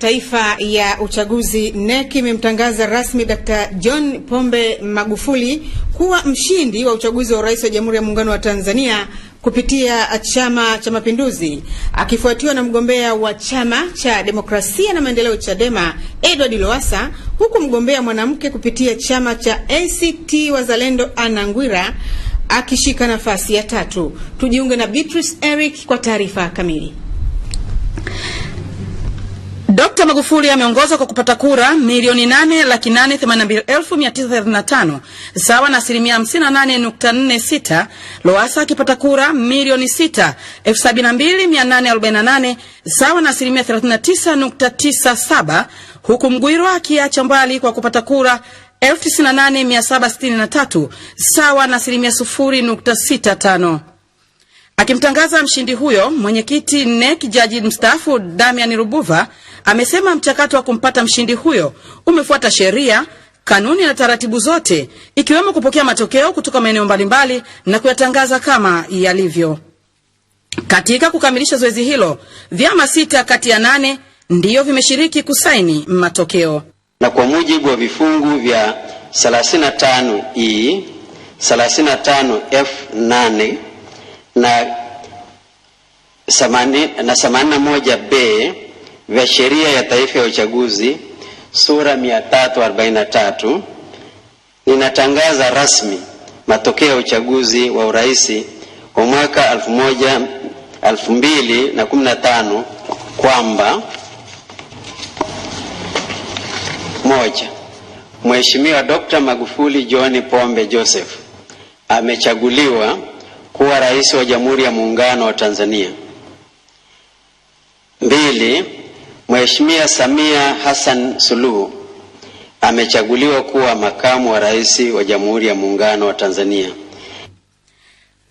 Taifa ya uchaguzi NEC imemtangaza rasmi Dr. John Pombe Magufuli kuwa mshindi wa uchaguzi wa urais wa Jamhuri ya Muungano wa Tanzania kupitia Chama cha Mapinduzi, akifuatiwa na mgombea wa Chama cha Demokrasia na Maendeleo Chadema Edward Lowassa, huku mgombea mwanamke kupitia Chama cha ACT Wazalendo Anna Ngwira akishika nafasi ya tatu. Tujiunge na Beatrice Eric kwa taarifa kamili. Dkt. Magufuli ameongoza kwa kupata kura milioni 8,882,935 sawa na asilimia 58.46, Lowassa akipata kura milioni 6,072,848 sawa na asilimia 39.97, huku Mgwirwa akiacha mbali kwa kupata kura 98,763 sawa na asilimia 0.65. Akimtangaza mshindi huyo, mwenyekiti NEC jaji mstaafu Damian Rubuva amesema mchakato wa kumpata mshindi huyo umefuata sheria, kanuni na taratibu zote, ikiwemo kupokea matokeo kutoka maeneo mbalimbali na kuyatangaza kama yalivyo. Katika kukamilisha zoezi hilo, vyama sita kati ya nane ndiyo vimeshiriki kusaini matokeo. Na kwa mujibu wa vifungu vya 35E, 35F8 na 81B vya sheria ya taifa ya uchaguzi sura 343 ninatangaza rasmi matokeo ya uchaguzi wa urais wa mwaka 2015 kwamba: moja, Mheshimiwa Dr. Magufuli John Pombe Joseph amechaguliwa kuwa rais wa Jamhuri ya Muungano wa Tanzania. Mbili, Mheshimiwa Samia Hassan Suluhu amechaguliwa kuwa makamu wa rais wa Jamhuri ya Muungano wa Tanzania.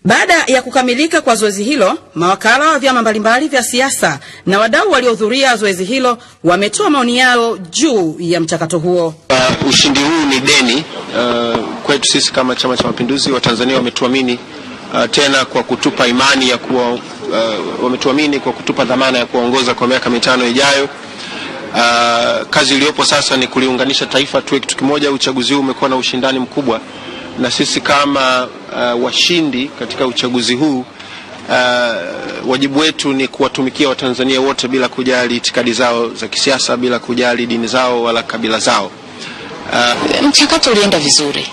Baada ya kukamilika kwa zoezi hilo, mawakala wa vyama mbalimbali vya siasa na wadau waliohudhuria zoezi hilo wametoa maoni yao juu ya mchakato huo. Uh, ushindi huu ni deni uh, kwetu sisi kama Chama cha Mapinduzi. Watanzania wametuamini uh, tena kwa kutupa imani ya kuwa uh, wametuamini kwa kutupa dhamana ya kuwaongoza kwa miaka mitano ijayo. Uh, kazi iliyopo sasa ni kuliunganisha taifa tuwe kitu kimoja. Uchaguzi huu umekuwa na ushindani mkubwa, na sisi kama uh, washindi katika uchaguzi huu uh, wajibu wetu ni kuwatumikia Watanzania wote bila kujali itikadi zao za kisiasa, bila kujali dini zao wala kabila zao. Uh, mchakato ulienda vizuri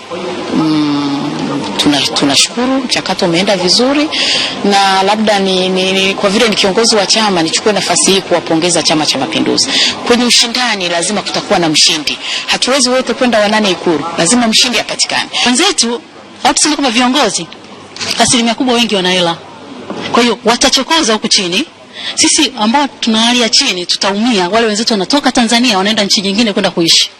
tunashukuru tuna mchakato umeenda vizuri, na labda ni, ni, ni, kwa vile ni kiongozi wa chama nichukue nafasi hii kuwapongeza Chama cha Mapinduzi. Kwenye ushindani lazima kutakuwa na mshindi, hatuwezi wote kwenda wanane Ikulu, lazima mshindi apatikane. Wenzetu watu tuseme kama viongozi asilimia kubwa wengi wanaela kwa hiyo watachokoza huku chini sisi ambao tuna hali ya chini tutaumia. Wale wenzetu wanatoka Tanzania wanaenda nchi nyingine kwenda kuishi.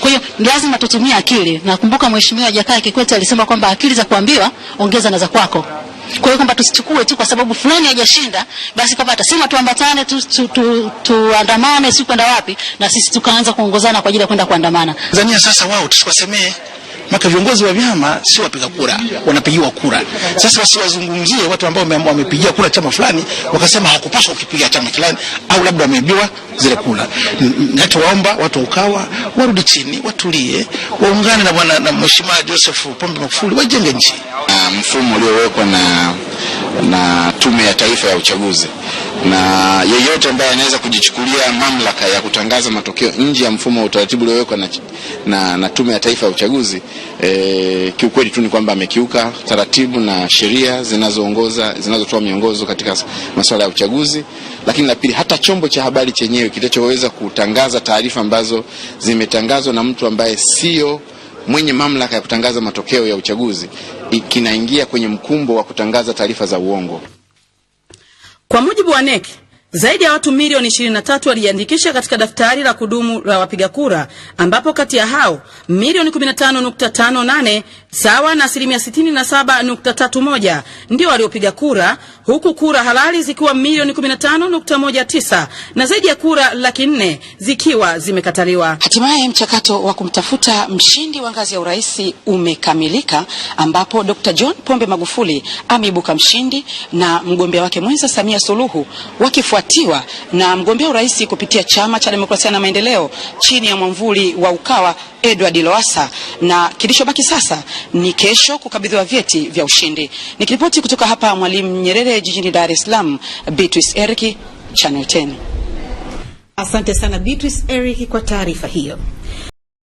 Kwa hiyo lazima tutumie akili. Nakumbuka Mheshimiwa Jakaya Kikwete alisema kwamba akili za kuambiwa ongeza na za kwako. Kwa hiyo kwamba tusichukue tu kwa sababu fulani hajashinda, basi kwamba atasema tuambatane, tuandamane, tu, tu, tu, si kwenda wapi, na sisi tukaanza kuongozana kwa ajili ya kwenda kuandamana. Tanzania sasa wao tusiwasemee maka viongozi wa vyama si wapiga kura, wanapigiwa kura. Sasa wasiwazungumzie watu ambao wamepigia kura chama fulani wakasema hakupaswa kukipiga chama fulani, au labda wameibiwa zile kura. Nachowaomba watu wa Ukawa warudi chini, watulie, waungane na bwana na mheshimiwa Joseph Pombe Magufuli wajenge nchi. Ah, mfumo uliowekwa na na Tume ya Taifa ya Uchaguzi, na yeyote ambaye anaweza kujichukulia mamlaka ya kutangaza matokeo nje ya mfumo wa utaratibu uliowekwa na, na, na Tume ya Taifa ya Uchaguzi e, kiukweli tu ni kwamba amekiuka taratibu na sheria zinazoongoza zinazotoa miongozo katika masuala ya uchaguzi. Lakini la pili, hata chombo cha habari chenyewe kitachoweza kutangaza taarifa ambazo zimetangazwa na mtu ambaye sio mwenye mamlaka ya kutangaza matokeo ya uchaguzi kinaingia kwenye mkumbo wa kutangaza taarifa za uongo. Kwa mujibu wa NEC, zaidi ya watu milioni 23 waliandikisha katika daftari la kudumu la wapiga kura, ambapo kati ya hao milioni 15.58 sawa na asilimia 67.31 ndio waliopiga kura, huku kura halali zikiwa milioni 15.19 na zaidi ya kura laki nne zikiwa zimekataliwa. Hatimaye mchakato wa kumtafuta mshindi wa ngazi ya urais umekamilika ambapo Dr. John Pombe Magufuli ameibuka mshindi na mgombea wake mwenza Samia Suluhu wakifuatiwa na mgombea urais kupitia Chama cha Demokrasia na Maendeleo chini ya mwamvuli wa Ukawa Edward Lowassa, na kilichobaki sasa ni kesho kukabidhiwa vyeti vya ushindi. Nikiripoti kutoka hapa Mwalimu Nyerere Maendeleo jijini Dar es Salaam, Beatrice Eriki, Channel 10. Asante sana Beatrice Eriki kwa taarifa hiyo.